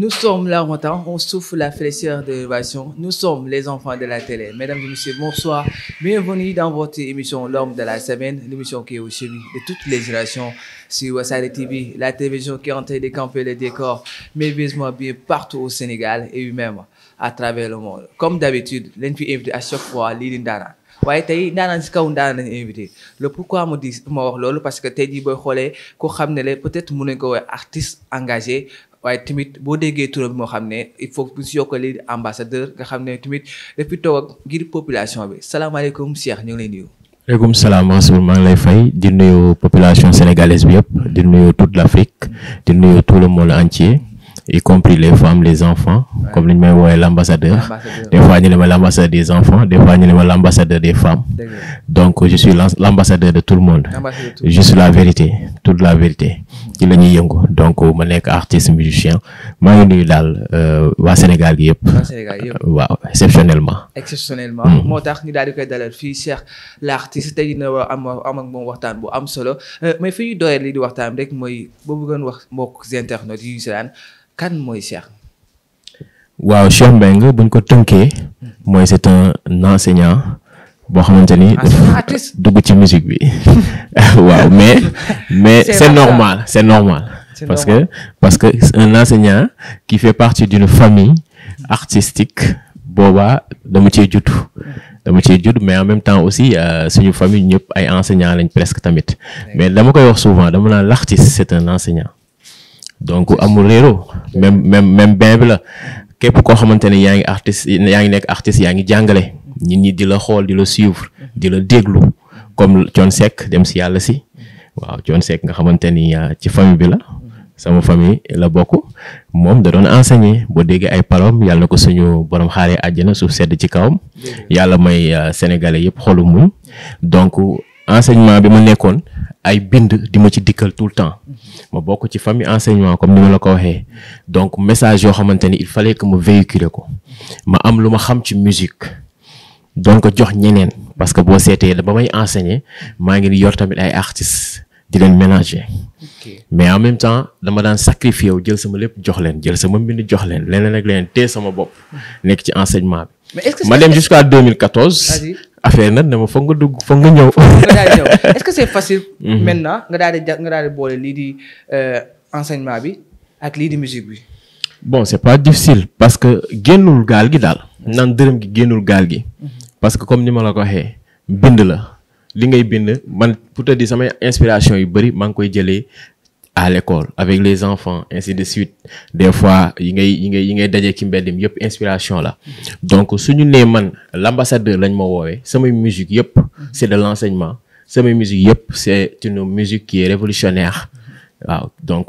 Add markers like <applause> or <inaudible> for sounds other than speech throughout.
Nous sommes là, on souffle la fraîcheur de l'évasion. Nous sommes les enfants de la télé. Mesdames et messieurs, bonsoir. Bienvenue dans votre émission L'homme de la semaine, l'émission qui est au chemin de toutes les générations sur Wassare TV, la télévision qui est en train de camper les décors, mais visiblement bien partout au Sénégal et même à travers le monde. Comme d'habitude, l'invité à chaque fois Lydie Ndana. waaye kaw invité le pourquoi me dit, ma wax parce que Teddy jii peut-être que nañu artiste engagé waaye tamit boo déggee turam moo xam ne il faut bu si li ambassadeur nga xam ne tamit depuis toog ngir population bi salaamaaleykum Cheikh ñu ngi lay nuyu. waaleykum salaam Mansour maa ngi lay fay di nuyu population sénégalaise bi yëpp di nuyu toute l'Afrique di nuyu tout le monde entier y compris les femmes les enfants comme nous ñu may l'ambassadeur des fois ñu ne l'ambassadeur des enfants des fois ñu ne l'ambassadeur des femmes donc je suis l'ambassadeur de tout le monde je suis la vérité toute la vérité ci la ñuy donc ma artiste musicien maa ngi nuyu daal euh, Sénégal euh, exceptionnellement exceptionnellement hmm. moo tax ñu daal di koy l'artiste tey dina am am ak moom waxtaan bu am solo euh, mais fi ñu dooree li di waxtaan rek mooy boo bëggoon wax mbokk internet yi kan mooy Cheikh. waaw Cheikh Mbengue buñ ko tënkee mooy c'est un enseignant boo xamante ni ah, <laughs> dugg ci musique bi <laughs> waaw mais mais c'est normal c'est normal parce que parce que un enseignant qui fait partie d'une famille artistique boobaa dama cee judd dama cee judd mais en même temps aussi euh, suñu famille ñëpp ay enseignants lañ presque tamit mais dama koy wax souvent dama naan l'artiste c'est un enseignant donc amul réeroo même même même bien bi la képp koo xamante ne yaa ngi artiste yaa ngi nekk artiste yaa ngi jàngale nit ñi di la xool di la suivre di la déglu comme Thione Seck dem si yàlla si waaw Thione Seck nga xamante ni ah, ci famille bi la sama famille la bokk moom da doon enseigner boo déggee ay parom yàlla ko suñu borom xaaree àjjana suuf sedd ci kawam yàlla may ah, sénégalais yëpp xolu muñ donc enseignement bi ma nekkoon ay bind di ma ci dikkal tout le temps ma bokk ci famille enseignement comme ni ma la ko waxee donc message yoo xamante ni il fallait que ma véhiculer ko ma am lu ma xam ci musique donc jox ñeneen parce que boo seetee ba may enseigner maa ngi yor tamit ay artistes di leen ménager mais en même temps dama daan sacrifier wu jël sama lépp jox leen jël sama mbind jox leen leneen ak leneen téye sama bopp nekk ci enseignement bi. ma dem jusqu'à 2014. affaire nag ne ma foog nga dugg foog nga ñëw. <laughs> est-ce que c'est facile. Mhm. maintenant nga daal di nga daal di boole lii di euh, enseignement bi ak lii di musique bi. bon c'est pas difficile parce que génnul gaal gi daal mhm. nan dërëm gi génnul gaal gi. Mhm. parce que comme ni ma la ko waxee bind la li ngay bind man pour te dire samay inspiration yu bëri maa ngi koy jëlee à l'école avec les enfants ainsi de suite des fois il ngay yi ngay yi ngay dajee inspiration là donc suñu nee man l'ambassadeur lañ ma woowee musique c'est de l'enseignement musique c'est une musique qui est révolutionnaire waaw donc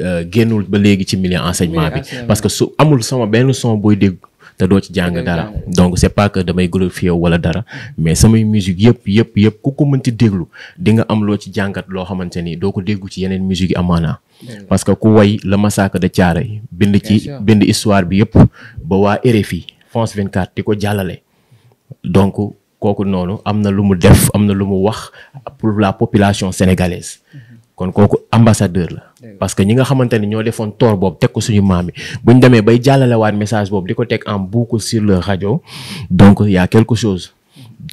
euh, génnul ba léegi ci milieu enseignement parce que su amul sama nous sommes boy dégg te doo ci jàng dara donc c'est pas que damay glorifier wala dara mais samay musique yëpp yëpp yëpp ku ko mënti déglu di nga am loo ci jàngat loo xamante ni doo ko déggu ci yeneen musique yi amaana parce que ku way la massacre de Thiaroye bind ci bind histoire bi yëpp ba waa RFI France 24 di ko jàllale donc kooku noonu am na lu mu def am na lu mu wax pour la population sénégalaise mm-hmm. kon kooku ambassadeur la parce que ñi nga xamante ñoo defoon tor boobu tek ko suñu maam buñ bu demee bay jàllalewaat message boobu di ko teg en boucle sur le radio donc y a quelque chose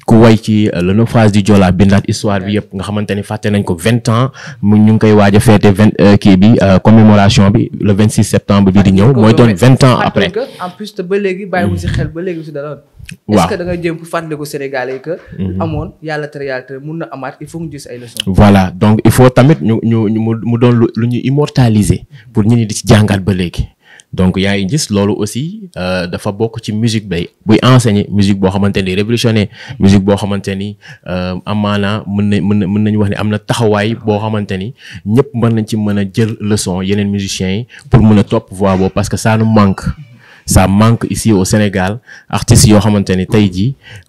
ku way ci euh, le phase du jola bindaat histoire bi yëpp nga xamante ni fàtte nañ ko 20 ans mu ñu ngi koy waaj a feete vingt euh, kii bi euh, commémoration bi le 26 septembre bi di ñëw mooy doon 20 ans après en plus te ba léegi bàyyiwu si xel ba léegi si daloon waaw est-ce que da nga jëm pour fan de ko Sénégalais que. Mhm. amone yalla tere yàlla tere mun na amaat il faut ñu gis ay leçons. voilà donc il faut tamit ñu ñu mu mu doon lu ñu immortaliser pour ñi ni di ci jàngat ba léegi. donc yaa ngi gis loolu aussi euh, dafa bokk ci musique bay buy enseigner musique boo xamante ni révolutionnaire musique boo xamante ni euh, amaana mën na mën mën nañu wax ni am na taxawaay boo xamante ni ñëpp mën nañ ci mën a jël leçon yeneen musiciens yi pour mën a topp voix boobu parce que ça nous manque ça manque ici au Sénégal artistes yoo xamante ne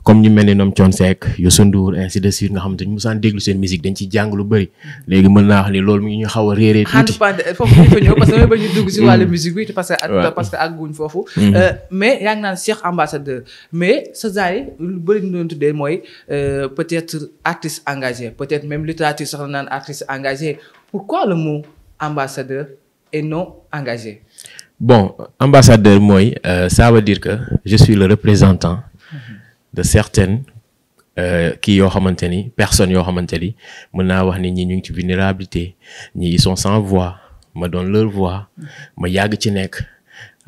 comme ñu mel ni ñoom Thione Seck Youssou Ndour ainsi de suite nga xamante ni musaan déglu seen musique dañ ci jàng lu bëri léegi mën naa wax ni loolu mi ñu xaw a réeree tuuti parce que damay bañ ñu dugg si mm. wàllu musique oui, parce que parce que àgguñ foofu mm. euh, mais yaa ngi naan Cheikh ambassadeur mais ce zaay lu bëri ñu doon tuddee euh, peut-être artiste engagé peut-être même littérature sax na naan artiste engagé pourquoi le mot ambassadeur et non engagé bon ambassadeur Moy, euh, ça veut dire que je suis le représentant de certaines euh, qui yoo ont ni personnes yoo xamante ni wax ni ñi ngi ci vulnérabilité ñi ils sont sans voix me donne leur voix me yag ci nekk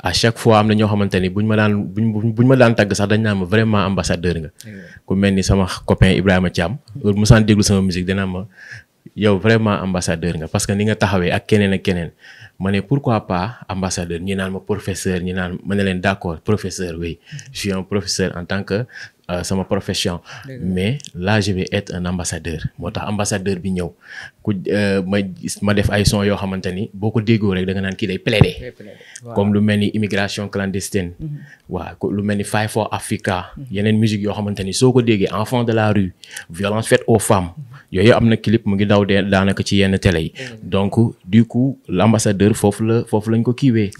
à chaque fois amener na ñoo xamante ni buñ ma daan buñ ma daan sax dañ vraiment ambassadeur nga ku mel ni sama copain Ibrahim Thiam heure mu saan déglu sama musique dina ma yow vraiment ambassadeur nga parce que ni nga taxawee ak kenen. ak keneen ma ne pourquoi pas ambassadeur ñi naan ma professeur ñi naan ma ne leen d'accord professeur oui je suis un professeur en tant que euh, sama profession mais là je et être un ambassadeur moo tax ambassadeur bi ñëw ku euh, ma ma def ay son yoo xamante ni boo ko déggoo rek danga naan kii day plaider comme lu mel ni immigration clandestine mm-hmm. waaw lu pour ni Fight for Africa une musique qui est ni soo ko déggee enfants de la rue violence faite aux femmes y a un clip mu ngi daw de daanaka ci yenn télé donc du coup l'ambassadeur, ambassadeur le le foofu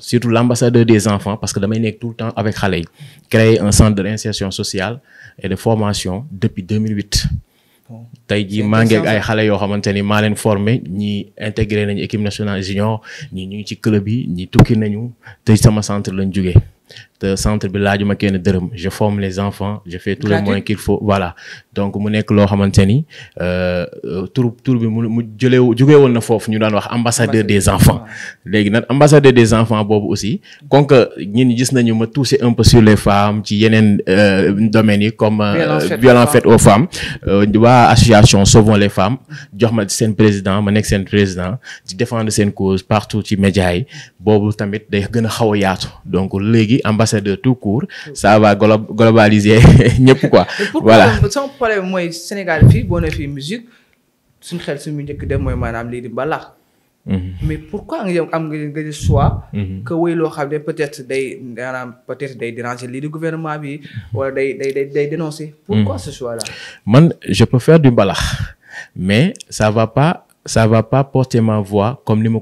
surtout l'ambassadeur des enfants parce que damay suis tout le temps avec xale yi créer un centre d'insertion sociale et de formation depuis 2008 tey jii mangé que ay xalé yo xamanteni ni maa formé ñi intégré nañ équipe nationale junior ñi ñu ci club yi ñi tukki nañu tay sama centre lañ jógee te centre l'âge laajuma kenn je forme les enfants je fais tous les moyens qu'il faut voilà donc mu nekk loo xamante ni euh, tur je bi mu je jëlee jógee na foofu ñu daan wax ambassadeur des enfants léegi ambassadeur des enfants Bob aussi comme que ñun gis nañu ma toucher un peu sur les femmes ci yeneen domaine euh, domaine comme euh, violence faite aux femmes vois association sauvons les femmes jox ma seen président ma ex seen président qui défendre cette cause partout ci média yi boobu tamit day gën a xaw yaatu donc léegi ambassadeur tout court mm. ça va globaliser <laughs> ñëpp quoi. voilà sama problème mooy Sénégal fii bonne nee musique suñu xel suñu njëkk dem mooy maanaam lii di mbalax. Mm-hmm. mais pourquoi nga am nga nga di choix. Mm-hmm. que wéy loo xam peut-être day maanaam peut-être déranger lii di gouvernement bi wala day day day dénoncer. Mm-hmm. pourquoi ce choix là. man je peux faire du mbalax mais ça va pas ça va pas porter ma voix comme ni ma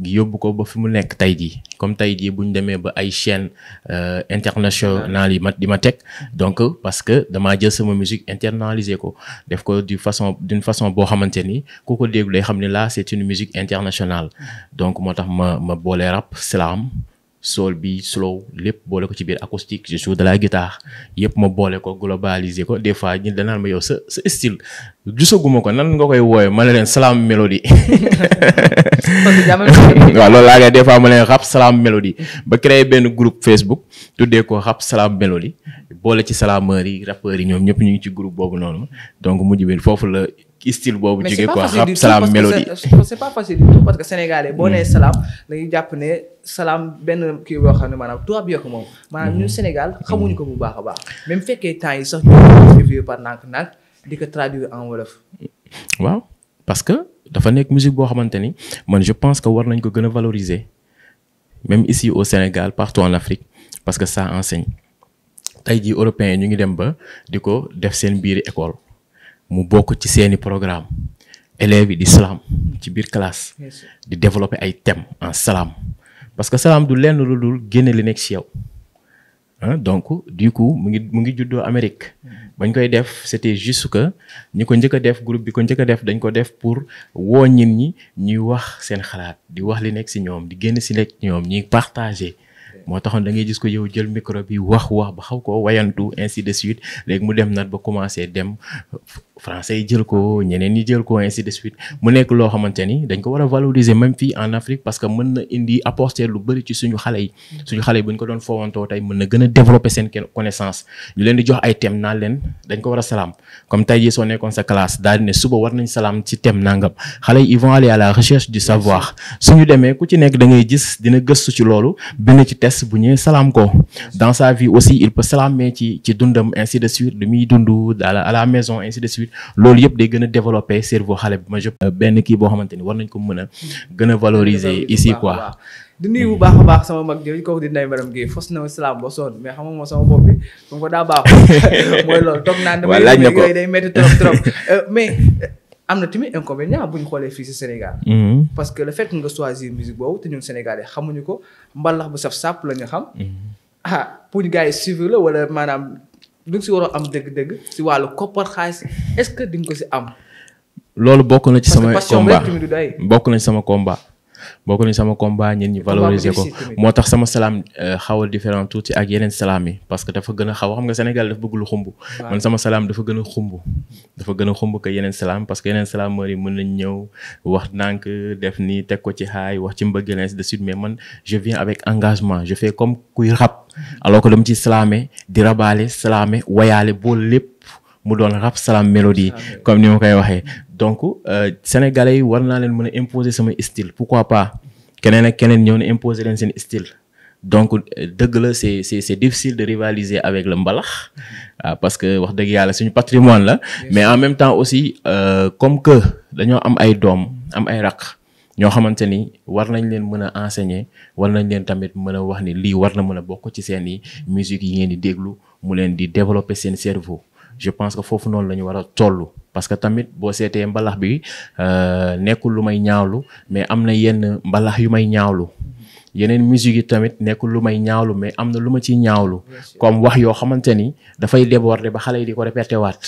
yóbbu ko ba fi mu nekk tey jii comme tey jii bu ñu demee ba ay chaîne euh, internationale yi ma di ma teg donc parce que damaa jël sama musique internaliser ko def ko du façon d'une façon boo xamante ni ku ko déglu day xam ne là c'est une musique internationale donc moo tax ma ma boole rap slam soul bi slow lépp boole ko ci biir acoustique je joue de la guitare yëpp ma boole ko globaliser ko des fois ñun danaan ma yow sa sa style gisaguma ko nan nga koy wooye ma ne leen salaam mélodie <laughs> waaw loolu laa ngay des fois ma leen rap salaam mélodie ba créé benn groupe Facebook tuddee ko rap salaam mélodie boole ci salaameur yi rappeurs yi ñoom ñëpp ñu ngi ci groupe boobu noonu donc mujj bi foofu la style bobu jógee quoi rap salam mélodie c'est pas facile du tout parce que sénégalais boo hmm. salam salaam dañuy jàpp ne salaam benn kii boo xam ne maanaam tubaab bi ko moom maanaam ñun hmm. Sénégal hmm. xamuñu ko bu baaxa a baax même féké temps yi sax ñu par nak nak di ko traduire en wolof. waaw parce que dafa nek musique bo xamante man je pense que war nañ ko gëna valoriser même ici au Sénégal partout en Afrique parce que ça enseigne tay jii européens ñu ngi dem ba diko def sen biir école mu bokk ci seeni programme élèves yi di salaam ci biir classe. di développer ay thèmes en salaam parce que salaam du lenn lu dul génne li nekk ci yow. Hein? donc du coup mu ngi mu ngi juddoo Amérique bañ koy def c'était juste que ñi ko njëkk a def groupe bi ko njëkk a def dañ ko def pour woo ñin ñi ñuy wax seen xalaat di wax li nekk ci ñoom di génn ci nekk ñoom ñuy partager moo taxoon da ngay gis ko yow jël micro bi wax wax ba xaw ko wayantu ainsi de suite léegi mu dem nat ba commencer dem français yi jël ko ñeneen ñi jël ko ainsi de suite mu nekk loo xamante ni dañ ko war a valoriser même fii en Afrique parce que mën na indi apporter lu bëri ci suñu xale yi suñu xale yi bu ñu ko doon foowantoo tey mën na gën a développer seen connaissance ñu leen di jox ay thème naan leen dañ ko war a salaam comme tey jii soo nekkoon sa classe daal di ne suba war nañ salaam ci thème nangam xale yi ils vont aller à la recherche du savoir suñu demee ku ci nekk da ngay gis dina gëstu ci loolu bind ci test bu ñëwee salaam ko dans sa vie aussi il peut salaamer ci ci dundam ainsi de suite lu muy dund à la maison ainsi de suite suite loolu yëpp day gën a développer cerveau xale bi ma jëpp euh, benn kii boo xamante ni war nañ ko mën a gën a valoriser ici quoi di nuyu bu baax a baax sama mag jooju kooku di Ndeye maram Guèye fos na salaam ba sonn mais xam nga sama bopp bi comme ko daa baax <laughs> mooy loolu toog naan damay liggéey day métti trop trop euh, mais euh, am na tamit inconvénient bu ñu xoolee fii si Sénégal mm-hmm. parce que le fait nga choisir musique boobu te ñun Sénégalais xamuñu ko mbalax bu saf sàpp la ñu xam mm-hmm. ah pour ñu gars yi suivre la wala maanaam lu nga si war am dëgg-dëgg si wàllu koppar xaalis est-ce que di nga ko si am. loolu bokk na ci sama combat bokk na ci sama combat. bokk nañ sama combat ñen ñi valoriser ko motax sama salam euh, xawal différent tuuti ak yenen salam yi parce que dafa gëna a xaw xam nga Sénégal dafa bëgg lu xumb man sama salam dafa gëna xumbu dafa gëna xumbu xumb que yeneen salam parce que yenen salam mari mën nañ ñëw wax nank def ni tek ko ci xaay wax ci mbëggeel de suite mais man je viens avec engagement je fais comme kuy rap alors que dama ci salamé di rabalé salaame wayalé bo lepp mu doon rap salam mélodie comme ni ma koy waxee donc euh, sénégalais yi war naa leen mën a imposer sama style pourquoi pas keneen ak keneen ñëw ne imposer leen seen style donc euh, dëgg la c'est c'est c'est difficile de rivaliser avec le mbalax ah, parce que wax dëgg yàlla suñu patrimoine la mais en même temps aussi euh, comme que dañoo am ay doom am ay raq ñoo xamante ni war nañ leen mën a enseigner war nañ leen tamit mën a wax ni lii war na mën a bokk ci seen i musique yi ngeen di déglu mu leen di développer seen cerveau je pense que foofu noonu la ñu war a tollu parce que tamit boo seetee mbalax bi euh, nekkul lu may ñaawlu mais am na yenn mbalax yu may ñaawlu yeneen musique yi tamit nekkul lu may ñaawlu mais am na lu ma ciy ñaawlu comme wax yoo xamante ni dafay déborder ba xale yi di ko répété waat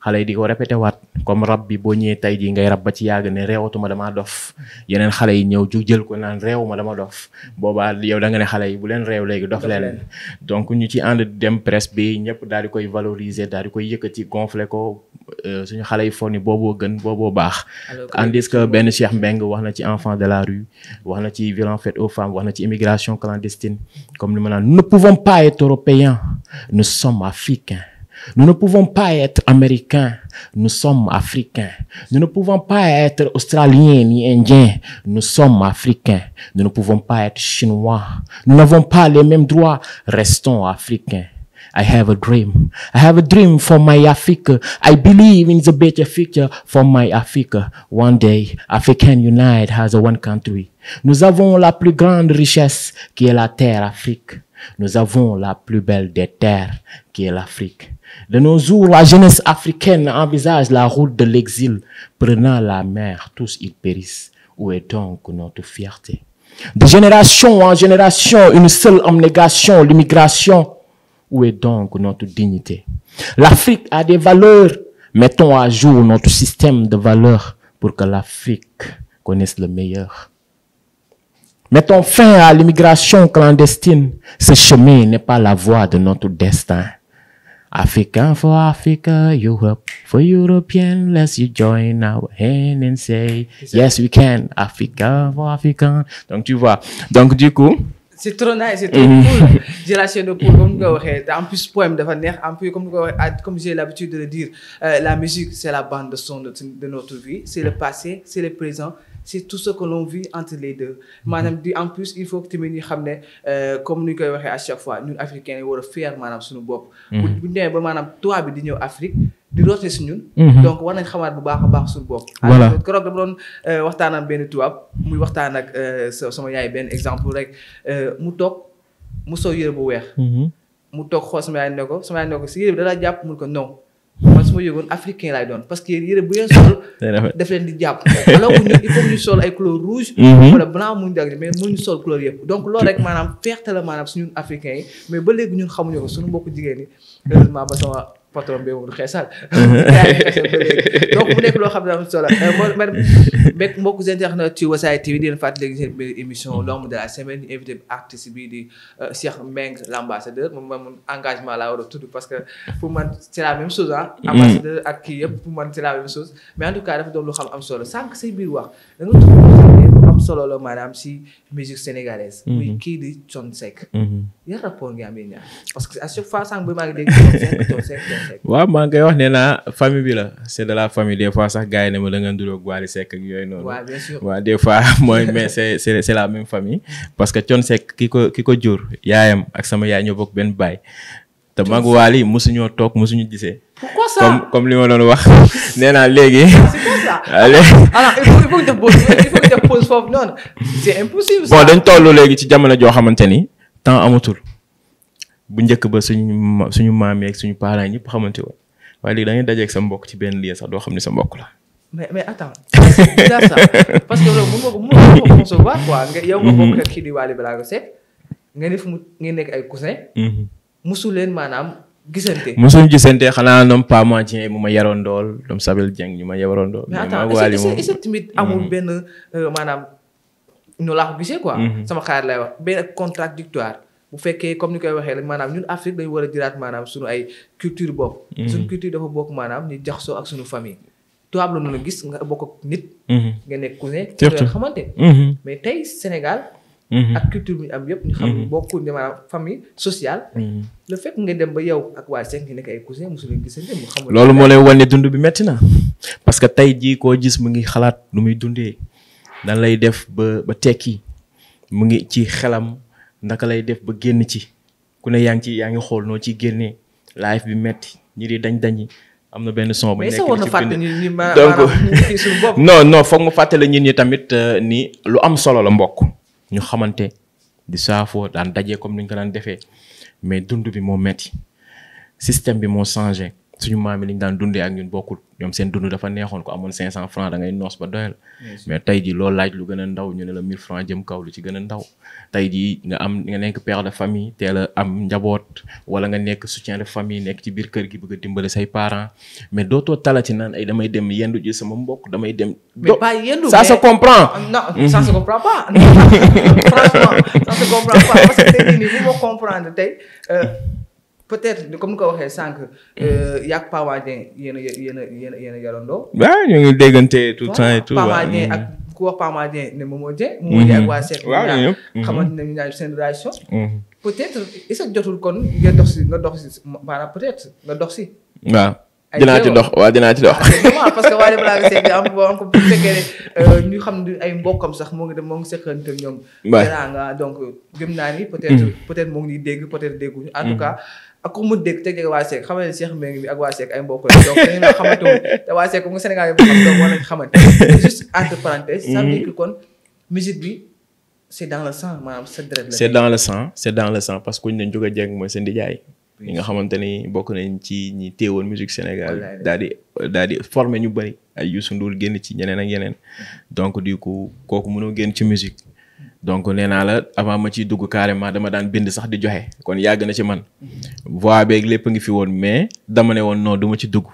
xale yi di ko répété waat comme rab bi boo ñëwee tey jii ngay rab ba ci yàgg ne réewatuma dama dof yeneen xale yi ñëw ju jël ko naan réewuma dama dof boobaa yow da nga ne xale yi bu leen réew léegi dof leen donc ñu ci ànd dem presse bi ñëpp daal di koy valoriser daal di koy yëkkati gonflé ko euh, suñu xale yi foog ni booboo gën booboo baax. andis que benn Cheikh Mbeng wax na ci enfant de la rue wax na ci violent fait aux femmes wax na ci immigration clandestine comme li ma naan nous ne pouvons pas être européens nous sommes africains. Nous ne pouvons pas être américains, nous sommes africains. Nous ne pouvons pas être australiens ni indiens, nous sommes africains. Nous ne pouvons pas être chinois. Nous n'avons pas les mêmes droits, restons africains. I have a dream. I have a dream for my Africa. I believe in the better future for my Africa. One day, African united, has one country. Nous avons la plus grande richesse qui est la terre Afrique. Nous avons la plus belle des terres qui est l'Afrique. De nos jours, la jeunesse africaine envisage la route de l'exil, prenant la mer, tous ils périssent. Où est donc notre fierté De génération en génération, une seule omnégation l'immigration. Où est donc notre dignité L'Afrique a des valeurs. Mettons à jour notre système de valeurs pour que l'Afrique connaisse le meilleur. Mettons fin à l'immigration clandestine. Ce chemin n'est pas la voie de notre destin. Africa for Africa, Europe for European, let's you join our hand and say yes we can, Africa for Africa. Donc tu vois, donc du coup. c'est trop nice c'est trop mhm. cool génération de Paul comme je en plus poème de neex en comme comme j'ai l'habitude de le dire euh, la musique c'est la bande de son de notre vie c'est le passé c'est le présent c'est tout ce que l'on vit entre les deux dit en plus il faut que tu ñu euh, comme nous à chaque fois nous africains nous sommes a fier sur mm-hmm. nous. Afrique di si ñun mm-hmm. donc war nañ xamaat bu baax a baax suñu bopp voilà keroog dama doon euh, waxtaan ak benn muy waxtaan ak euh, sama yaay exemple rek mu toog mu yére bu weex mm-hmm. mu toog xool sama yaay sama yaay ne ko si yére bi non fa yëgoon africain laay doon parce que yére bu ngeen sol <laughs> daf leen di jàpp alors que ñu sol ay couleur rouge mhm. wala blanc muñu dag mais mënuñu sol couleur yëpp donc loolu rek maanaam feexte la maanaam suñu africain yi mais ba léegi ñun xamuñu ko suñu mbokk jigéen yi heureusement ba sama patron bi moom xeesal donc mu nekk loo xam ne am solo moo man mbokk mbokku na ci Wassare TV di leen fàttali seen émission l'homme de la semaine ñu invité artiste bii di Cheikh Mbengue l'ambassadeur moom man engagement laa war tout tudd parce que pour man c'est la même mm-hmm. kii yëpp pour man c'est la même chose en tout cas dafa doon xam am solo sànq si biir wax solo la maanaam si musique sénégalaise. muy mhm. kii di Thione Seck. yan rapport nga am yéen ñaar parce que à chaque fois sànq bi waaw maa ngi koy wax nee naa famille bi la c' est de la famille des fois sax gars ne ma da nga nduroog Wally ak yooyu noonu. waaw bien sûr fois <laughs> mooy mais c' est c' est la même famille. parce que Thione Seck ki ko ki ko jur yaayam ak sama yaay ñoo bokk benn baay. te mag Wally mosuñoo toog mosuñu gisee. pourquoi ça comme comme li ma doon wax <laughs> nee naa léegi. <laughs> alors il faut que il faut que c'est impossible. bon dañ toll léegi ci jamono joo xamante ni temps bu njëkk ba suñu suñu maam yeeg suñu parents yi ñëpp xamante woon waaye da ngay dajeeg sa mbokk ci benn lien sax doo xam sa mbokk la. mais attends ça parce que loolu nga ko yow nga bokk mm-hmm. ak di nga mu musu leen maanaam gisante. musuñ gisante xanaa ñoom Pa Mathien mu ma yaroon dool ñoom Sabel Dieng ñu ma yaroon dool. mais attends est-ce amul mm-hmm. benn euh, maanaam ñu laa ko gisee quoi. Mm-hmm. sama xaar lay wax benn contradictoire bu fekkee comme ni koy waxee la maanaam ñun Afrique dañu war a jëlaat maanaam suñu ay culture bopp. Mm-hmm. suñu culture dafa bokk maanaam ñu jaxasoo ak suñu famille. tubaab la mën a gis nga bokk ak nit. nga nekk cousin. surtout xamante mais tey Sénégal. Mm-hmm. ak culture bu ñu am yëpp. ñu xam mbokk mm-hmm. bokkul ne famille sociale. Mm-hmm. le fait nga dem ba yow ak waa Seck nga nekk ay cousin mosu leen mu loolu moo lay wan dund bi metti parce que tey jii koo gis mu ngi xalaat lu muy dundee nan lay def ba tekki mu ngi ci xelam ndaka lay def ba génn ci ku ne yaa ngi ci yaa ngi xool noo ci génnee life bi metti ñi di dañ dañi am na benn son bu nekk ci donc <laughs> non non foog mu fàttale ñun ñi tamit euh, nii lu am solo la mbokk. ñu xamante di saafoo daan dajee comme ni nga ko daan defee mais dund bi moo metti système bi moo changé su maam yi li ñu daan dundee ak ñun bokkul ñoom seen dund dafa neexoon ko amoon 500 francs da ngay noos ba doyal. mais tey ji loo laaj lu gën a ndaw ñu ne la 1000 francs jëm kaw lu ci gën ndaw. tey ji nga am nga nekk père de famille teel a am njaboot wala nga nekk soutien de famille nekk ci biir kër gi bëgg a dimbale say parents mais dootoo talati naan ay damay dem yendu ji sama mbokk damay dem. mais pas yendu ça se comprend. Ah, mhm. non ça se comprend pas. <laughs> franchement ça se comprend pas parce peut-être comme ni ko waxee sànq. Mm. Euh, yàgg Paa Wadien yéen a yéen a yéen a yéen a yorandoo. waaw ñu ngi déggante tout le temps et tout. Paa Wadien mm. ak ku wax Paa Wadien ne Momo Dieng. Mm-hmm. Momo Dieng ak waa seen. waaw ñëpp mm-hmm. xamante ne ñaar seen relation. Mm-hmm. peut-être est-ce que jotul kon nga dox si nga dox si maanaam peut-être nga dox si. waaw. dinaa ci dox waaw dinaa ci dox. Ah, parce que waa Jokalante seen bi am am ko bu fekkee ne euh, ñu xam ne ay mbokkam sax moo ngi dem moo ngi seqante ñoom. waay donc gëm naa ni peut-être mm. peut-être moo ngi dégg peut-être dégguñu en tout cas. ak mm-hmm. ku mu dégg teg waa Seck xamal ne Cheikh ak waa Seck ay mbokk la donc dañu xam donc war kon musique bi c'est dans le sang maanaam sa le sang c'est dans le sang parce que ñu leen jóg a jeeg mooy seen nijaay nga xamante ni bokk nañ ci ñi téewoon musique Sénégal daal daal di formé ñu bëri ay Youssou Ndour génn ci ñeneen ak yeneen donc du coup kooku mënoo génn ci musique donc nee naa la avant ma ciy dugg carrément dama daan bind sax di joxe kon yàgg na ci man voix beeg lépp ngi fi woon mais dama ne woon non duma ci dugg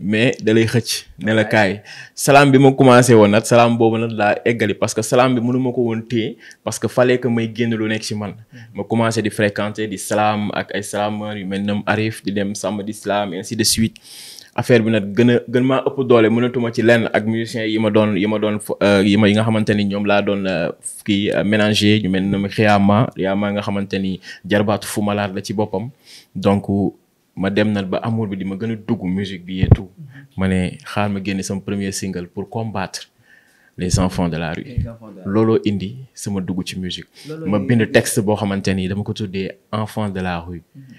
mais dalay xëcc ne la kaay salaam bi ma commencé woon nag salaam boobu nag laa eggali parce que salaam bi mënuma ko woon téye parce que fallait que may génn lu nekk ci man ma commencé di fréquenter di salaam ak ay salaameur yu mel ne Arif di dem sàmm di salaam si de suite affaire bi nag gëna a gën maa ëpp doole mënatuma ci lenn ak musiciens yi ma doon yi ma doon euh, yi ma yi nga xamante ni ñoom laa doon euh, ki euh, ménager ñu mel ni Riyama Riyama nga xamante ni jarbaatu fu Malade la ci boppam donc ma dem na ba amour bi di ma gën a dugg musique bi et tout ma ne xaar ma génne sama premier single pour combattre les enfants de la rue lolo indi sama dugg ci musique ma bind texte boo xamante ni dama ko tuddee enfants de la rue mm-hmm.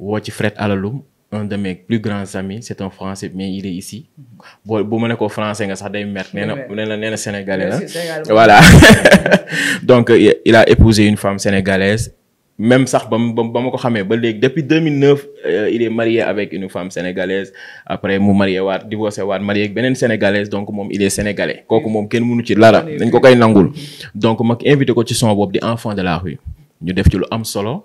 woo ci Fred Alalum un de mes plus grands amis c'est un français mais il est ici Bon, bon, ma ko français ça sax day mer nee na nee sénégalais voilà <laughs> donc euh, il a épousé une femme sénégalaise même ça, bon, bon, ba ma depuis 2009 euh, il est marié avec une femme sénégalaise après mu marié waat divorcé waat marié avec une sénégalaise donc mon, il est sénégalais kooku mon quel mënu ci là, dañ Donc, koy nangul donc invité ko ci son un di enfant de la rue ñu def ci lu am solo.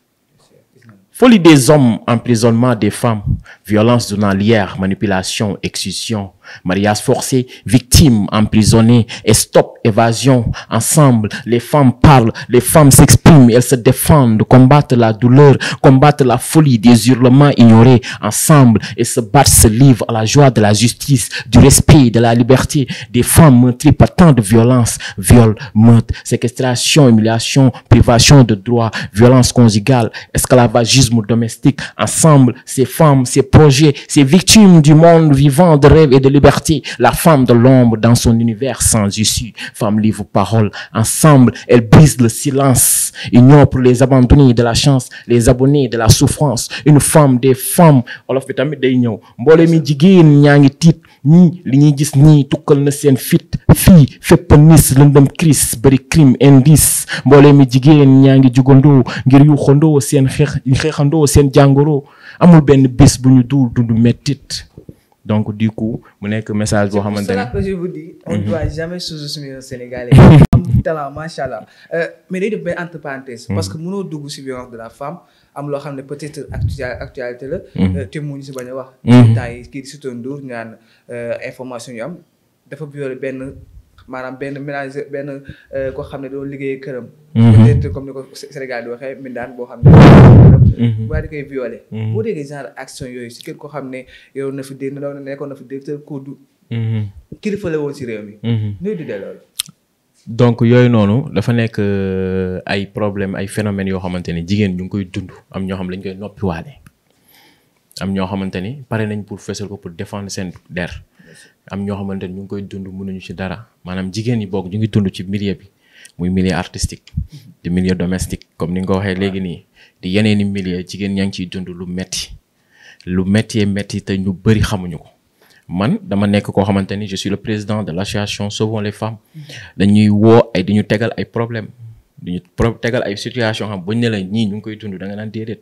Folie des hommes, emprisonnement des femmes, violence journalière, manipulation, excision, mariage forcé, victimes, emprisonnées, stop, évasion, ensemble, les femmes parlent, les femmes s'expriment, elles se défendent, combattent la douleur, combattent la folie des hurlements ignorés, ensemble, et se battent, se livrent à la joie de la justice, du respect, de la liberté, des femmes meurtries par tant de violences, viols, meurtres, séquestration, humiliation, privation de droits, violence conjugale, esclavagisme, domestique. Ensemble, ces femmes, ces projets, ces victimes du monde vivant de rêve et de liberté, la femme de l'ombre dans son univers sans issue. Femme livre parole. Ensemble, elle brise le silence. Union pour les abandonnés de la chance, les abonnés de la souffrance. Une femme des femmes. Mbolemi ñii li ñuy gis nii tukkal na seen fit fii fépp lëndëm cris bari crime indice mboole mi jigéen ñaa ngi jugandoo ngir yuuxandoo seen xeex xeexandoo seen jàngoro amul benn bis bu ñu duul dund mettit donc du coup mu nekk message boo xamante ne. c'est que je vous dis on mhm. <laughs> allah euh, mais day def benn entre mhm. parce que mënoo dugg ci violence de la femme. am loo xam ne peut-être actualité la. Hmm. Euh, te mu ñu si bañ a wax. Hmm. temps yi kii di Sitor Ndour ñu naan euh, information yu am dafa violé benn maanaam benn ménager benn euh, koo xam ne doon liggéey këram. Hmm. peut-être comme ni ko Sénégal di waxee mindaan boo xam ne. bu di koy violé. boo déggee genre action yooyu si kër koo xam ne yow na fi dégg nekkoon na fi directeur Koudou. kilifa la woon si réew mi. nuyu di delloo donc yooyu noonu dafa nekk euh, ay problème ay phénomènes yoo xamante ni jigéen ñu ngi koy dund am ñoo xam ne dañ koy noppiwaale am ñoo xamante ni pare nañ pour fësal ko pour défendre seen der am ñoo xamante ni ñu ngi koy dund mënuñu ci dara maanaam jigéen ñi boog ñu ngi dund ci millier bi muy milieu artistique di milieu domestique comme ni nga ko waxee léegi nii di yeneen i milieu jigéen ñaa ngi ciy dund lu metti lu metti metti te ñu bëri xamuñu ko man dama nek ko xamanteni je suis le président de l'association Sauvons les femmes dañuy wo ay dañu tégal ay problème dañu tégal ay situation xam bañ ne la ñi ñu koy tundu da nga nan dédét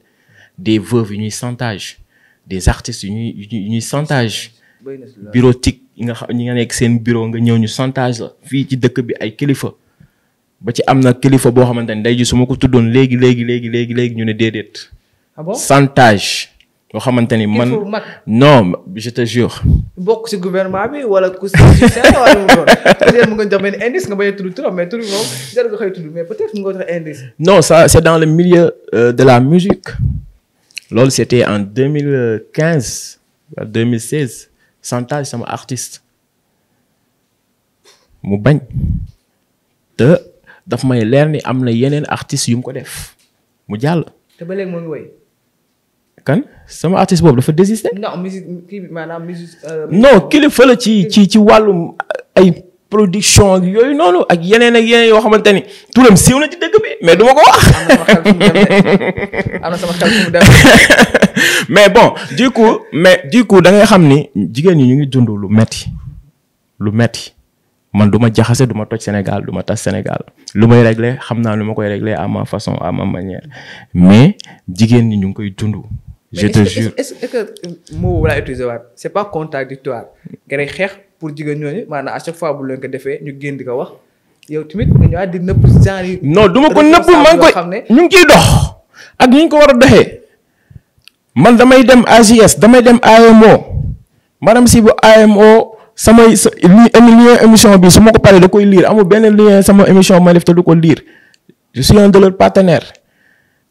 des veuves ñuy chantage des artistes ñuy ñuy chantage bureautique nga xam ñi nga nekk seen bureau nga ñew ñu chantage la fii ci dëkk bi ay kilifa ba ci amna na kilifa boo xamante day ji su ma ko tuddoon légui légui léegi léegi léegi ñu ne déedéet ah chantage loo xamante ni man non je te jure. bokk si gouvernement bi wala ku si wala mu doon peut-être mu nga jox benn indice nga bañ a tudd turam mais tur bi moom jar nga xëy tudd mais peut-être mu nga jox indice. non ça c'est dans le milieu euh, de la musique loolu c'était en 2015 mille quinze wala deux mille sama artiste mu bañ te daf may leer ni am na yeneen artistes yu mu ko def mu jàll. te ba léegi moo ngi woy c'est sama artiste boobu dafa désister. non musique kii maanaam musique. Euh, non ci ci ci ay production ak yooyu noonu ak yeneen ak yeneen yoo xamante ni turam siiw na bi mais du ko wax. sama xel dem mais bon du coup mais du coup da ni ñu ngi dund lu metti lu metti man du ma jaxase du ma Sénégal du ma tas Sénégal lu may régler xam naa à ma façon à ma manière mais ñu je te jure est ce que moo boobu laa utiliser waat c' pas contradictoire nga ne xeex pour jigéen ñooñu maanaam à chaque fois bu leen ko defee ñu génn di ko wax yow tamit nga ñëwaat di nëpp genre yi. non du ma ko nëpp maa ngi koy ñu ngi dox ak ñu ko man damay dem AGS damay dem AMO Madame si bu AMO sama sa lien émission bi su ma ko paree da koy lire amul benn lien sama émission ma def te du ko lire je suis un de leurs partenaires.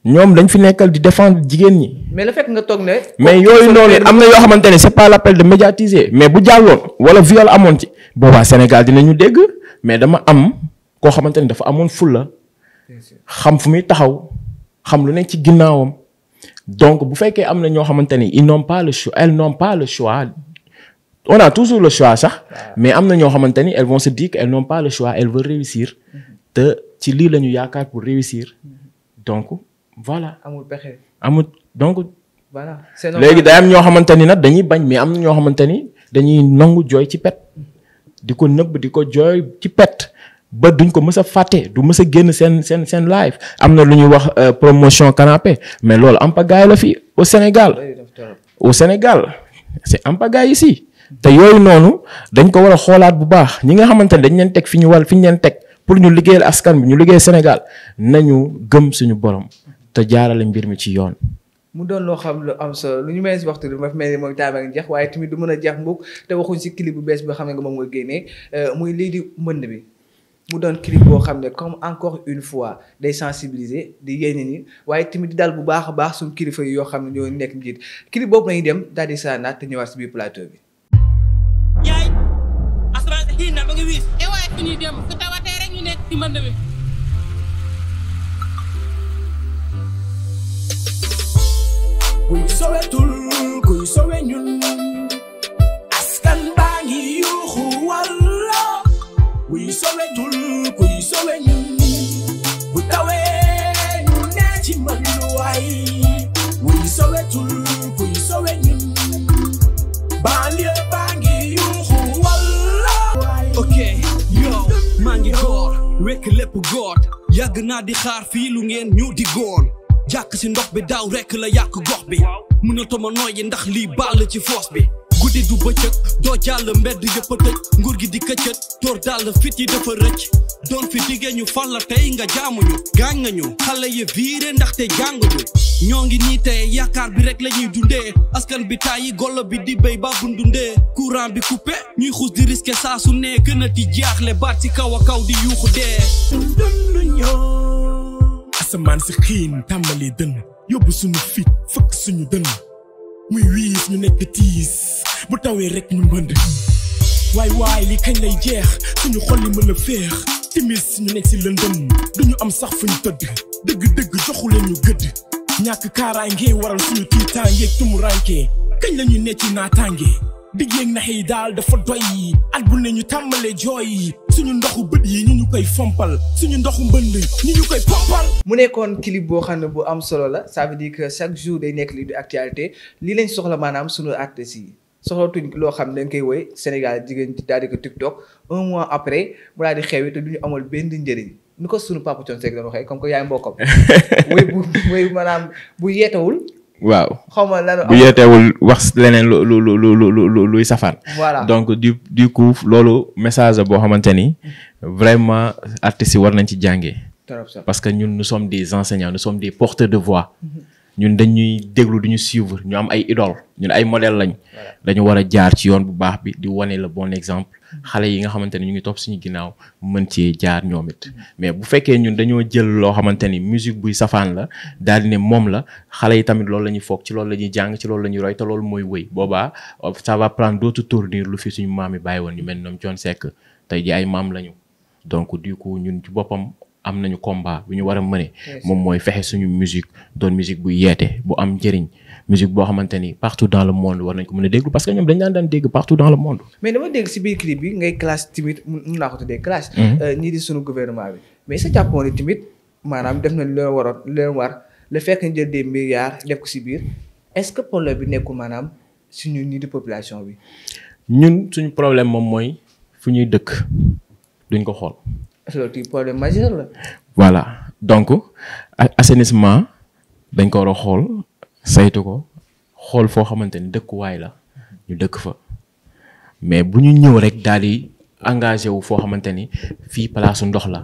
ñoom dañ fi nekkal di défendre jigéen ñi. mais le fait nga toog ne. mais yooyu noonu am na yoo xamante ne c'est pas l'appel de médiatiser mais bu jàlloon wala viol amoon ci boobaa Sénégal dinañu dégg mais dama am koo xamante ne dafa amoon fulla xam fu muy taxaw xam lu ne ci ginnaawam donc bu fekkee am na ñoo xamante ne ils n'ont pas le choix elles n'ont pas le choix on a toujours le choix sax mais am na ñoo xamante elles vont se dire que elles n'ont pas le choix elles veulent réussir te ci lii la ñu yaakaar pour réussir donc. voilà amul pexe. amul donc. voilà c'est léegi day am ñoo xamante ni nag dañuy bañ mais am na ñoo xamante ni dañuy nangu jooy ci pet. di ko nëbb di ko jooy ci pet. ba duñ ko mës a fàtte du mësa génn seen seen seen live am na lu ñuy wax euh, promotion canapé mais loolu ampagaay la fii au Sénégal. au Sénégal c'est ampagaay ici. te yooyu noonu dañ ko war a xoolaat bu baax ñi nga xamante ne dañ leen teg fi ñu wal fi ñu leen teg pour ñu liggéeyal askan bi ñu liggéey Sénégal nañu gëm suñu borom. te jaarale mbir mi ci yoon. mu doon loo xam lu am solo lu ñu may si waxtu bi ma fi mel ni moom taaba jeex waaye tamit du mën a jeex mbokk te waxuñ si clip bu bees bi xam ne moom nga génnee euh, muy lii di mbënd bi mu doon clip boo xam ne comme encore une fois day sensibiliser di yéene ñi waaye tamit di daal bu baax a baax suñu kilifa yi yoo xam ne ñoo nekk njiit clip boobu lañuy dem daal di saa naat te ñëwaat si biir plateau eh ñu nekk ci mbënd bi. kuy sowetul kuy sowe ñun askan baa ngi yuuxu walla kuy sowetul kuy sowe ñun bu tawee ñu ne mën waay kuy sowetul kuy sowe ñun banlieue baa ngi yuuxu walla ok yow maa ngi góor wekk lépp góor yàgg naa di xaar fii lu ngeen ñu di goon jàkk si ndox bi daaw rekk la yàq gox bi mënatuma nooyi ndax lii bàll ci foos bi guddi du bëccëg doo jàll mbedd yëpp a tëj nguur gi di këccët tóor dàll fit yi dafa rëcc doon fi diggee ñu fal la tey nga jaamuñu gaañ nga ñu xale yi viire ndaxte jànguñu ñoo ngi nii tey yaakaar bi rek la ñuy dundee askan bi tàyyi golo bi di béy ba bu dundee courant bi coupé ñuy xuus di risqué saa su nee gën a ti jaaxle baat ci kaw a kaw di yuuxu dee asamaan si xiin tàmbali dënn yóbbu suñu fit fëkk suñu dënn muy wiis ñu nekk tiis bu tawee rek ñu mbënd waay waay li kañ lay jeex suñu xol li mën a féex timis ñu nekk si lëndëm duñu am sax fuñu tëdd dëgg-dëgg joxu leen ñu gëdd ñàkk kaaraange waral suñu tiitaangeeg tumuraanke kañ la ñu ne ci naataange digg yeeg nax yi daal dafa doy at bu ne ñu tàmbalee jooy suñu ndoxu bët yi ñu ñu koy fompal suñu ndoxu mbënd ñu ñu koy pompal. mu nekkoon clip boo xam ne bu am solo la sa veut dire que chaque jour day nekk li di actualité lii lañ soxla maanaam suñu artistes yi soxlatuñ loo xam ne dañ koy woy Sénégal jigéen daal di ko TikTok un mois après mu daal di xewi te du ñu amal benn njëriñ. nu ko sunu papa Thione Seck doon waxee comme que yaay mbokkam. <laughs> woy bu woy maanaam bu yeetawul waaw xaw ma lan bu yeeteewul wax leneen lu lu lu lu luy safar. voilà donc du du coup loolu message boo xamante mm-hmm. vraiment artistes yi war nañ ci jàngee. parce que ñun nous sommes des enseignants nous sommes des porteurs de voix. Mm-hmm. ñun dañuy déglu duñu ñu suivre ñu am ay idole ñun ay modèle lañ dañu war a jaar ci yoon bu baax bi di wane la bon exemple xale yi nga xamante ne ñu ngi topp suñu ginnaaw mën ci jaar ñoom it mais bu fekkee ñun dañoo jël loo xamante ni musique buy safaan la daal ne moom la xale yi tamit loolu la foog ci loolu la ñuy jàng ci loolu la ñuy roy te loolu mooy wëy boobaa ça va prendre d'autres tournures lu fi suñu maam yi bàyyi woon ñu mel ñoom Thione Seck tey ji ay maam lañu donc du coup ñun ci boppam am nañu combat bu ñu war a mëne moom mooy fexe suñu musique doon musique bu yeete bu am njëriñ musique boo xamante ni partout dans le monde war nañ ko mën a déglu parce que ñoom dañ daan daan dégg partout dans le monde. mais dama dégg si biir clip mm-hmm. euh, mais sa jàppoon ni timide maanaam def nañ leen waroon leen war le fekk ñu jël des milliards def ko si biir est-ce que problème bi nekkul maanaam suñu ñii di population bi. ñun suñu problème moom mooy fu ñuy dëkk duñ ko xool. loolu di problème majeur la. voilà donc assainissement dañ ko war a xool saytu ko xool foo xamante ni dëkkuwaay la ñu dëkk fa mais bu ñu rek dali di engagé wu fo xamante ni fii palaasu ndox la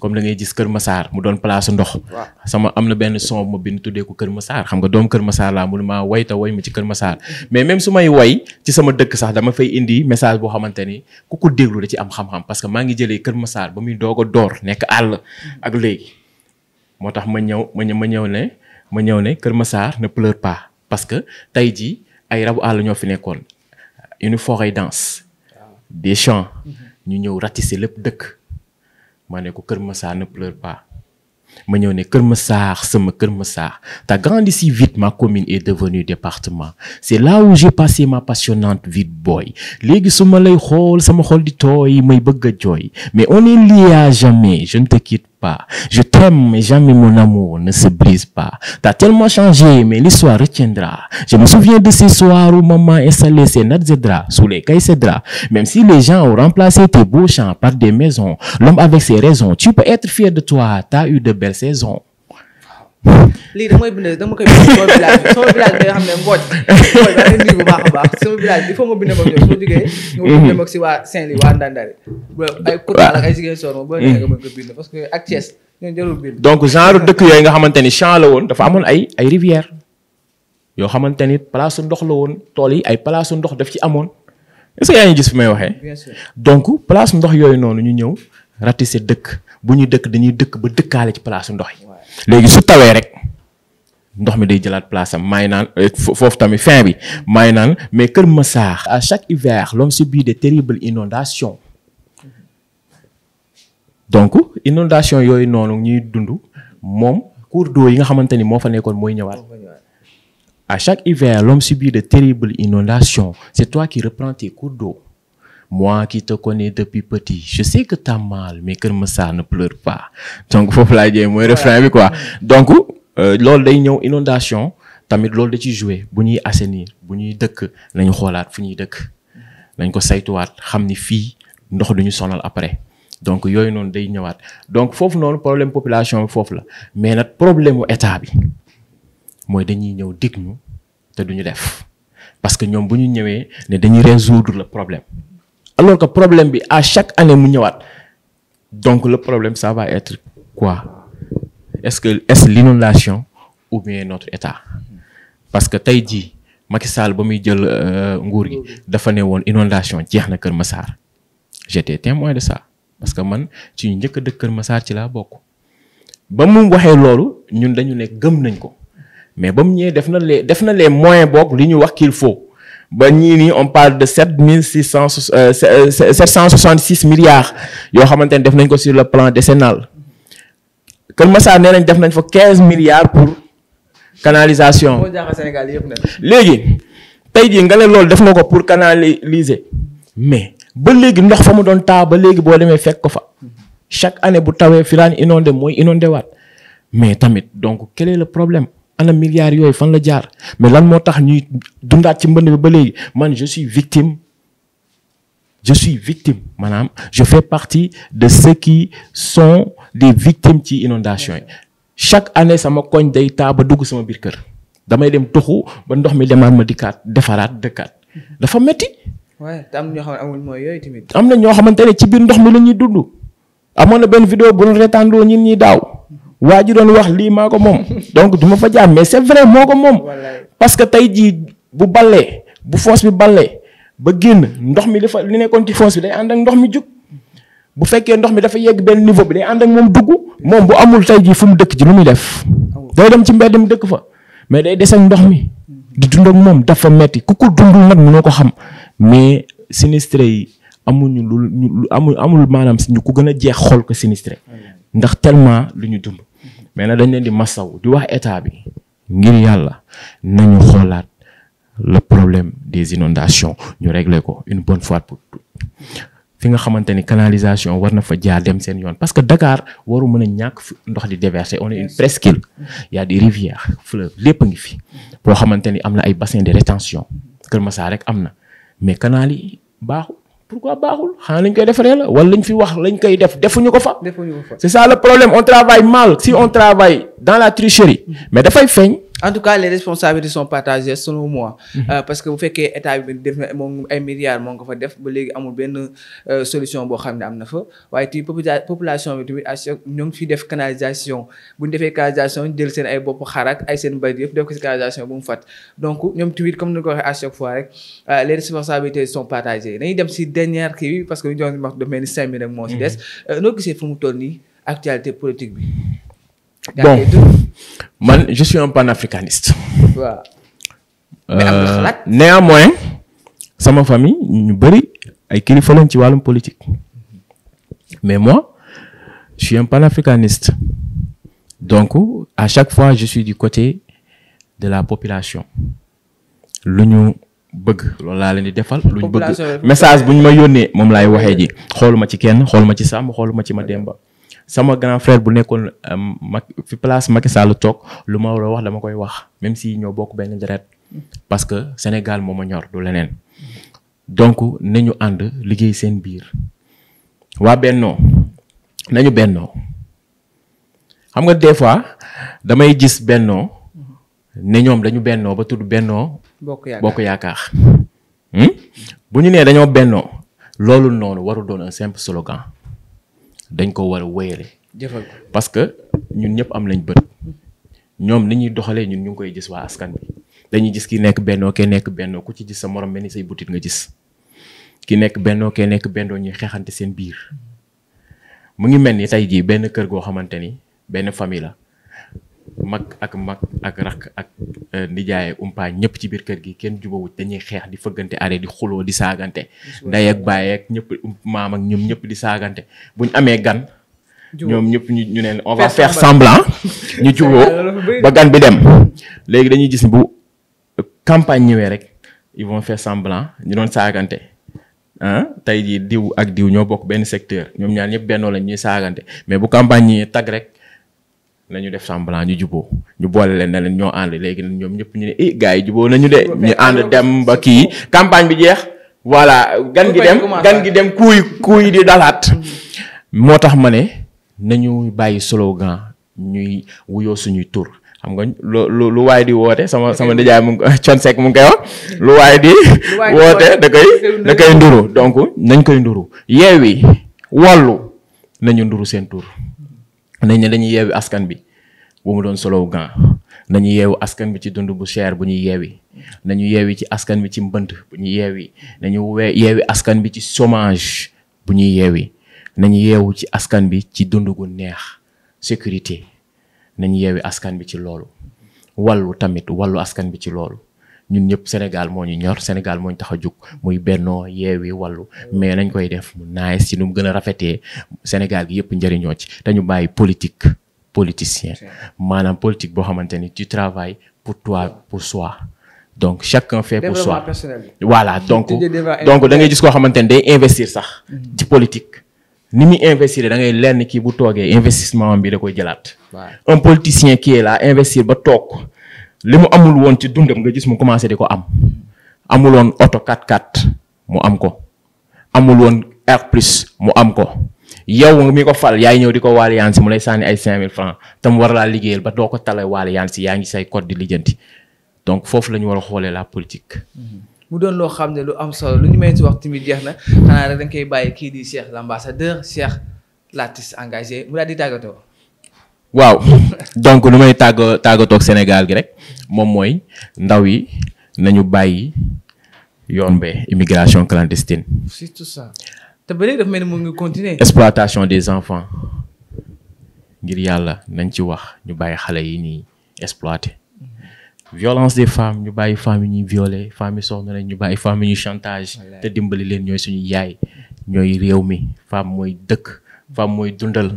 comme da ngay gis Kër masaar mu doon place ndox. sama am na benn son ma bind tuddee ko Kër Massar xam nga doom Kër Massar laa mun maa way ta way ma ci Kër Massar mais même su may way ci sama dëkk sax dama fay indi message boo xamante ni ku ko déglu da ci am xam-xam parce que maa ngi jëlee Kër masaar ba muy doog a door nekk àll ak léegi. moo tax ma ñëw ma ñëw ma ñëw ne ma ñëw ne Kër masaar ne pleure pas parce que tey jii ay rabu àll ñoo fi nekkoon une forêt dense. des champs mhm. ñëw ratisser lépp dëkk. ma ne ko ne pleure pas ma si vite ma commune est devenue département c'est là où j'ai passé ma passionnante vie de boy ma lay xol sama xol di may bëgg mais on est lié à jamais je ne te quitte je t'aime, mais jamais mon amour ne se brise pas. T'as tellement changé, mais l'histoire retiendra. Je me souviens de ces soirs où maman est ses C'est sous les cailles Même si les gens ont remplacé tes beaux champs par des maisons, l'homme avec ses raisons, tu peux être fier de toi, t'as eu de belles saisons. lii damay bind dama koy bind sama village sama bi nga xam ne mbooj mbooj a baax sama village que ak Thiès donc genre dëkk yooyu nga xamante ni champ la woon dafa amoon ay ay rivière yoo xamante ni place ndox la woon tool yi ay palaasu ndox daf ci amoon est-ce que yaa ngi gis fi may waxee donc place ndox yooyu noonu ñu ñëw ratisser dëkk bu ñuy dëkk dañuy dëkk ba dëkkaale ci place ndox yi léegi su tawé rek ndox mi day jëlaat place am maay naan euh, foofu tamit fin bi maay naan mais Kër ça, à chaque hiver l'homme subit des terribles inondations donc inondation yooyu noonu ñuy dund moom cours d'eau yi nga xamante ni moo fa ñëwaat. à chaque hiver l'homme subit de terribles inondations c'est toi qui reprends tes cours d'eau moi qui te connais depuis petit, je sais que t'as mal, mais que Moussa ne pleure pas. Donc, faut la dire, moi, refrain, ouais. quoi. Donc, euh, lors des inondations, tamit mis da ci jouer, bu ñuy assainir bu ñuy dëkk nañ xoolaat fu ñuy dëkk nañ ko saytuwaat xam ni ndox duñu sonal après donc a noonu day ñëwaat donc foofu noonu problème population bi la mais notre problème mu état bi mooy dañuy ñëw dig ñu te duñu def parce que ñoom bu ñu ñëwee ne dañuy résoudre le problème alors que problème bi à chaque année mu ñëwaat donc le problème ça va être quoi est-ce que est l'inondation ou bien notre état parce que tey jii Macky Sall ba muy jël euh, nguur gi dafa fait une inondation jeex na Kër Massar j'étais témoin de ça parce que man ci ñu njëkk a de Kër Massar ci laa bokk ba mu waxee loolu ñun dañu ne nañ ko mais quand mu a def na les moyens boog li ñu qu'il faut ba ñii nii on parle de sept mille six cent euh, euh, sept cent soixante six milliards yoo xamante ne def nañ ko sur le plan décennal Kër Massar nee nañ def nañ fa quinze milliards pour canalisation léegi tey jii nga ne loolu def nga pour canaliser mais ba léegi ndox fa mu doon taa ba léegi boo demee fekk ko fa chaque année bu tawee fi daan inondé mooy inondé waat mais tamit donc quel est le problème ana milliards yooyu fan la mais lan tax ñuy ci mbënd bi man je suis victime je suis victime madame, je fais partie de ceux qui sont des victimes ci inondation chaque année sama koñ day taa ba dugg sama biir kër damay dem toxu ba ndox mi demaat ma dikkaat defaraat dëkkaat dafa metti am ci ndox mi la ñuy vidéo ñi waa ji doon wax lii maa ko moom donc du ma fa jaar mais c'est vrai moo ko moom parce que tey jii bu ballee bu foos bi ballee ba génn ndox mi li fa li nekkoon ci foos bi day ànd ak ndox mi jug bu fekkee ndox mi dafa yegg benn niveau bi day ànd ak moom dugg moom bu amul tey jii fu mu dëkk ci lu muy def day dem ci mbedd mi dëkk fa mais day des ak ndox mi di dund ak moom dafa metti ku ko dundul nag mënoo ko xam mais sinistre yi amuñu lu amul amul maanaam si ñu ku gën a jeex xol ko sinistré ndax tellement lu ñu dund mais nag dañ leen di massaw di wax état bi ngir yàlla nañu xoolaat le problème des inondations ñu régler ko une bonne fois pour tout fi nga xamante ni canalisation war na fa jaar dem seen yoon parce que Dakar waru mën a ñàkk ndox di déverser on est une presqu'île y a des rivières fleuves lépp ngi fi boo xamante ni am na ay bassin de rétention Kër Massar rek am na mais canal yi baaxu pourquoi baaxul xanaa lañ koy defaree la wala lañ fi wax lañ koy def defuñu ko fa. defuñu ko fa c'est ça le problème on travaille mal si on travaille dans la tricherie mm-hmm. mais dafay feeñ en tout cas les responsabilités sont partagées selon moi. Mhm. Euh, parce que bu fekkee état bi def na moom milliards mon nga fa def ba léegi amul benn euh, solution boo xam ne am na fa waaye ti population bi tamit à chaque ñoo ngi fiy def canalisation bu ñu defee canalisation jël seen ay bopp xarak ay seen mbay yëpp def ko si canalisation bu mu fat donc ñoom tamit comme ni ko waxee à chaque fois rek euh, les responsabilités sont partagées dañuy dem si dernière qui, parce que ñu doon wax dafa mel ni cinq minutes rek moo si des. Mhm. Euh, noo gisee fu mu toll actualité politique bi bon man je suis un panafricaniste. waaw. Euh, mais néanmoins, na ma famille ñu bëri ay kilifa ci politique mais moi je suis un panafricaniste donc à chaque fois je suis du côté de la population lu ñu bëgg loolu laa leen di defal. lu bëgg message bu ñu ma yónnee moom laay waxee ji xoluma ci kenn xoluma ci sam xoluma ci ma demba sama grand frère bu nekkoon euh, ma fi place Macky Sall toog lu ma war a wax dama koy wax même si ñoo bokk benn deret parce que Sénégal moo ma ñor du leneen donc nañu ànd liggéey seen biir waa bennoo nañu bennoo xam nga des fois damay gis bennoo ne ñoom dañu bennoo ba tudd bennoo bokk yaakaar hmm? bu ñu nee dañoo bennoo loolu noonu waru doon un simple slogan dañ ko war a wéyale parce que ñun ñëpp am lañ bët ñoom ni ñuy doxalee ñun ñu ngi koy gis waa askan bi dañuy gis ki nekk bennoo kee nekk bennoo ku ci gis sa morom mel ni say butit nga gis ki nekk bennoo kee nekk bennoo ñuy xeexante seen biir mu ngi mel ni say jii benn kër goo xamante ni benn famille la mag ak mag ak rakk ak euh, nijaay umpaañ ñëpp ci biir kër gi kenn jubawut dañuy xeex di fëggante are di xuloo di saagante nday ak baay ak ñëpp um, maam ak ñoom ñëpp di saagante buñ amee gan ñoom ñëpp ñu ñu neen on va faire semblant <laughs> ñu juboo ba gan bi dem léegi dañuy gis bu euh, campagne ñëwee rek ils vont faire ñu doon saagante ah tey jii diw ak diw ñoo bokk benn secteur ñoom ñaan ñëpp bennoo lañ ñuy saagante mais bu campagne ñi tag rek nañu def semblant ñu jubo ñu boole leen ne leen ñoo ànd léegi nag ñoom ñëpp ñu ne eh gars yi juboo nañu de ñu ànd dem ba kii campagne bi jeex voilà gan gi dem gan gi dem kuy kuy di dalat, moo tax ma ne nañu bàyyi slogan ñuy wuyoo suñuy tur xam nga lu lu waay di woote sama sama nijaay mu chon <laughs> sek mu ngi koy wax lu waay di woote da koy da koy nduru donc nañ koy nduru yeewi walu nañu nduru seen tur nañ ne dañuy yeewi askan bi bu mu doon solow gan nañu yeewu askan bi ci dund bu cher bu ñuy yeewi nañu yeewi ci askan bi ci mbënd bu ñu yeewi nañu wee yeewi askan bi ci chômage bu ñuy yeewi nañu yeewu ci askan bi ci dund gu neex sécurité nañu yeewi askan bi ci loolu wàllu tamit wàllu askan bi ci loolu ñun ñëpp Sénégal moo ñu ñor Sénégal moo ñu tax a jug muy bennoo yeewi wàllu mais nañ koy def mu naaj si nu mu gën a rafetee Sénégal gi yëpp njëriñoo ci dañu bàyyi politique politicien maanaam politique boo xamante ni tu travailles pour toi pour soi donc chacun fait pour soi voilà donc donc da ngay gis koo xamante ni day investir sax mm-hmm. ci politique ni muy investir da ngay lenn kii bu toogee investissement am bi da koy jëlaat un politicien qui est laa investir ba toog li mu amul woon ci dundam nga gis mu commencé di ko am amul woon oto 4 x mu am ko amul woon R plus mu am ko yow mi ko fal yaay ñëw di ko waale mu lay sànni ay 5000 francs te mu war laa liggéeyal ba doo ko tale waale yaan yaa ngi say code di lijjanti donc foofu la ñu war a xoolee la politique. mu doon loo xam ne lu am solo lu ñu may si wax tamit jeex na xanaa rek dañ koy bàyyi kii di Cheikh l'ambassadeur Cheikh l'artiste engagé mu daal di tàggatoo. Wow, donc lu may tàgga tàggatoog Sénégal gi rek moom mooy ndaw yi yombe, bàyyi yoon be immigration clandestine. c'est tout ça te ba léegi dafa mel ni mu ngi continuer. exploitation des enfants ngir yàlla nañ ci wax ñu bàyyi xale yi ñuy exploité. violence des femmes ñu bàyyi femmes yi ñuy femmes yi soxna lañ femmes yi chantage te dimbali leen ñooy suñu yaay ñooy réew mi femme mooy dëkk femme mooy dundal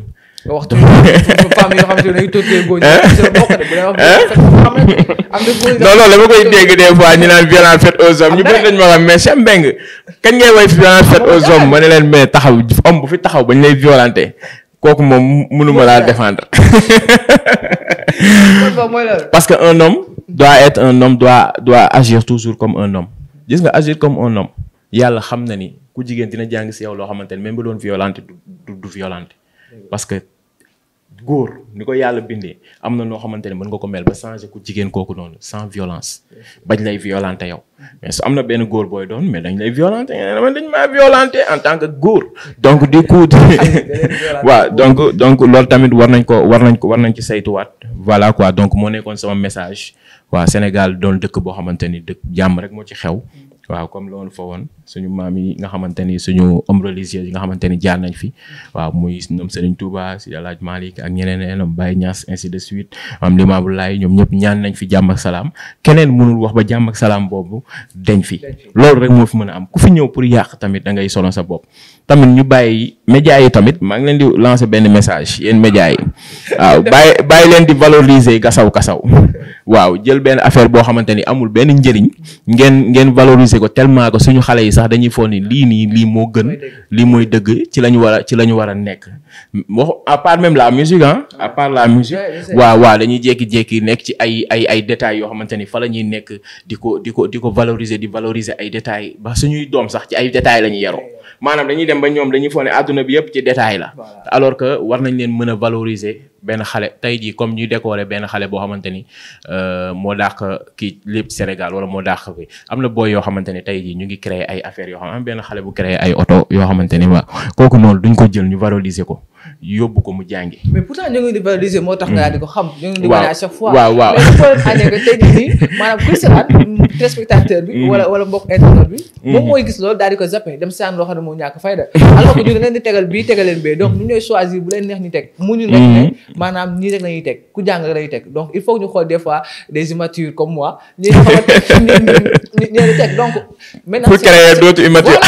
waktu wax tuuti femme yoo xam ne tóot leen góor ñi seen bokk de bu leen wax xam ne am na góor non loolu dama koy dégg des fois ñu naan violence faite aux hommes ñu bëri dañ ma xam mais Cheikh Mbengue kañ ngay woy violence faite aux hommes ma ne leen mais taxaw homme bu fi taxaw bañ lay violenté kooku moom mënuma laa défendre parce que un homme doit être un homme doit doit agir toujours comme un homme gis nga agir comme un homme yàlla xam na ni ku jigéen dina jàng si yow loo xamante ne même bu doon violente du du violente parce que góor ni ko yàlla bindee am na noo xamante ne mën nga ko mel ba changé ku jigéen kooku noonu sans violence bañ lay violenté yow mais su am na benn góor booy doon mais dañ lay violenté man dañ maa violenté en tant que góor donc di coup <laughs> <laughs> waa donc donc loolu tamit war nañ ko war nañ ko war nañ ci saytuwaat voilà quoi donc moo nekkoon sama message waa Sénégal doon dëkk boo xamante ni dëkk jàmm rek moo ci xew waaw comme loolu fa woon suñu maam yi nga xamante ni suñu homme religieux yi nga xamante ni jaar nañ fi waaw muy ñoom Serigne Touba si El Hadj Malick ak ñeneen ñoom Baye Niass ainsi de suite maam Limaamu Laay ñoom ñëpp ñaan nañ fi jàmm ak salaam keneen mënul wax ba jàmm ak salaam boobu deñ fi loolu rek moo fi mën a am ku fi ñëw pour yàq tamit da ngay solo sa bopp tamit ñu bàyyi médias yi tamit maa ngi leen di lancer benn message yéen médias yi waaw bàyyi bàyyi leen di valoriser kasaw kasaw waaw jël benn affaire boo xamante ni amul benn njëriñ ngeen ngeen valoriser ko tellement que suñu xale yi sax dañuy foog ni lii nii lii moo gën lii mooy dëgg ci la ñu war a ci la ñu war a nekk moo à part même la musique ah à part la musique waaw waa dañuy jékki-jékki nekk ci ay ay ay détails yoo xamante ni fa la ñuy nekk di ko di ko di ko valoriser di valoriser ay détails ba suñuy doom sax ci ay détails la ñuy yaroo àdduna yëpp ci détail la alors que war nañ leen mën a benn xale tey jii comme ñu décorer benn xale boo xamante ni euh, moo dàq kii lépp Sénégal wala moo dàq bi am na booy yoo xamante ni tey jii ñu ngi créer ay affaire yoo xam am benn xale bu créer ay yoo xamante ni waa kooku noonu duñ ko jël ñu valoriser ko yóbbu ko mu jàngi. mais moo tax nga di ko xam. ñu ngi di à bi. wala wala mbokk internet bi. Mm-hmm. moom loolu daal di ko zappé dem saan ne moo ñàkk fayda alors que ñu da leen di tegal bii tegaleen bee donc ñu ñooy choisir bu leen neex ñu teg mu ñu maanaam nii rek la teg ku jàng rek la teg donc il faut ñu xool des fois des immatures comme moi ñi ñi teg donc maintenant pour créer d'autres immatures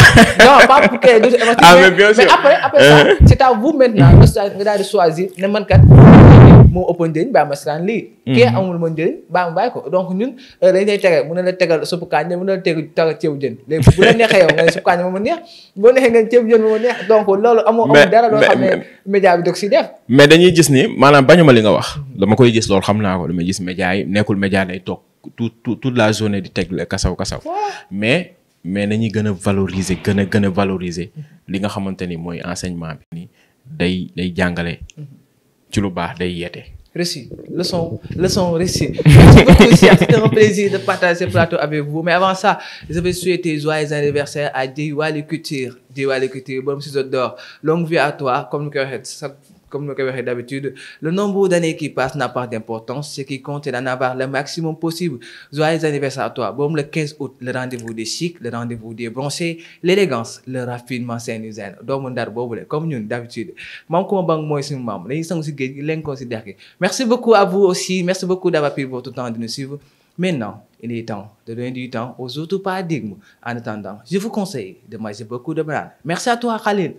non pas pour créer d'autres immatures ah, mais après après ça c'est à vous maintenant nga daal di choisir ne man kat moo ëppoon njëriñ baa ma silaan lii mhm. kii amul ma njëriñ baa ma bàyyi ko donc ñun euh, dañ lay tegal mun na la tegal suppu kànja mun na la tegal tegal ceebu jën léegi bu la neexee yow a neex boo neexee nga ne ceebu jën moom a neex donc loolu amoo mais dañuy gis ni maanaam bañuma li nga wax mhm. dama koy gis loolu xam naa ko damay gis média yi nekkul média day toog tout toute la journée di teg kasaw kasaw mais mais nañuy gën a valoriser gën a gën a valoriser mhm. li nga xamante ni mooy enseignement bi nii day day jàngale ci lu baax day reçu leçon leçon <laughs> reçu. merci c'était un plaisir de partager ce plateau avec vous mais avant ça je vais souhaiter joyeux anniversaire à Diwali Couture Diwali Couture bonne ciseau d'or longue vie à toi comme le cœur comme nous l'avons d'habitude, le nombre d'années qui passent n'a pas d'importance. Ce qui compte, c'est d'en avoir le maximum possible. Joyeux anniversaire à toi. Bon, le 15 août, le rendez-vous des chics, le rendez-vous des bronchers, l'élégance, le raffinement saint-usain. Donc, comme nous, d'habitude. Merci beaucoup à vous aussi. Merci beaucoup d'avoir pris votre temps de nous suivre. Maintenant, il est temps de donner du temps aux autres paradigmes. En attendant, je vous conseille de manger beaucoup de bananes. Merci à toi, Khalil.